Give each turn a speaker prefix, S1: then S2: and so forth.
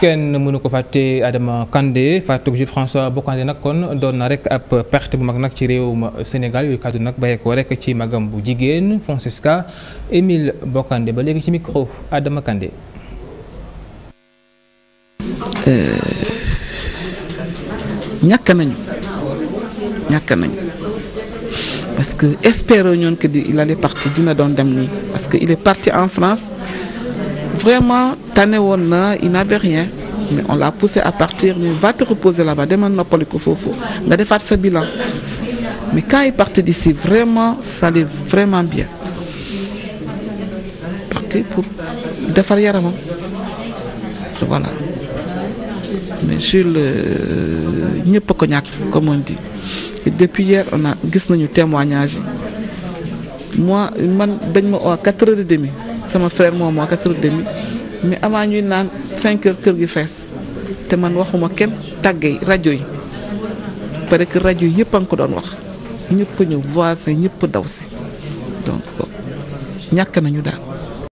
S1: kenn mënu ko fàtte Adama Kandé fàttug ji François Bocandé nag kon doon na rek ab perte bu mag nag ci réewum Sénégal yooyu kàddu nag bàyyeekoo rek ci magam bu jigéen Francisca Émile Bocandé ba léegi ci micro Adama Kandé.
S2: Euh, ñàkk nañu ñàkk nañu parce que espérons ñoon que il allait partir dina doon dem nii parce que il est parti en France. vraiment tane woon na il n'avait rien mais on l'a poussé à partir mais va te reposer là-bas demal noppali ko foofu nga defaat sa bilan mais quand il partait d'ici vraiment ça allait vraiment bien parti pour defar yaramam voilà mais Jules ñëpp ko ñàkk comme on dit et depuis hier on a gis nañu témoignage yi moi man dañ ma oo à quatre heures et demie sama frère moom moo quatre heures demi mais avant ñuy naan cinq heures kër gi fees te man waxuma kenn tàggee rajo yi parce que rajo yëpp a ngi ko doon wax ñëpp ñu voisin ñëpp daw si ñàkk nañu daal.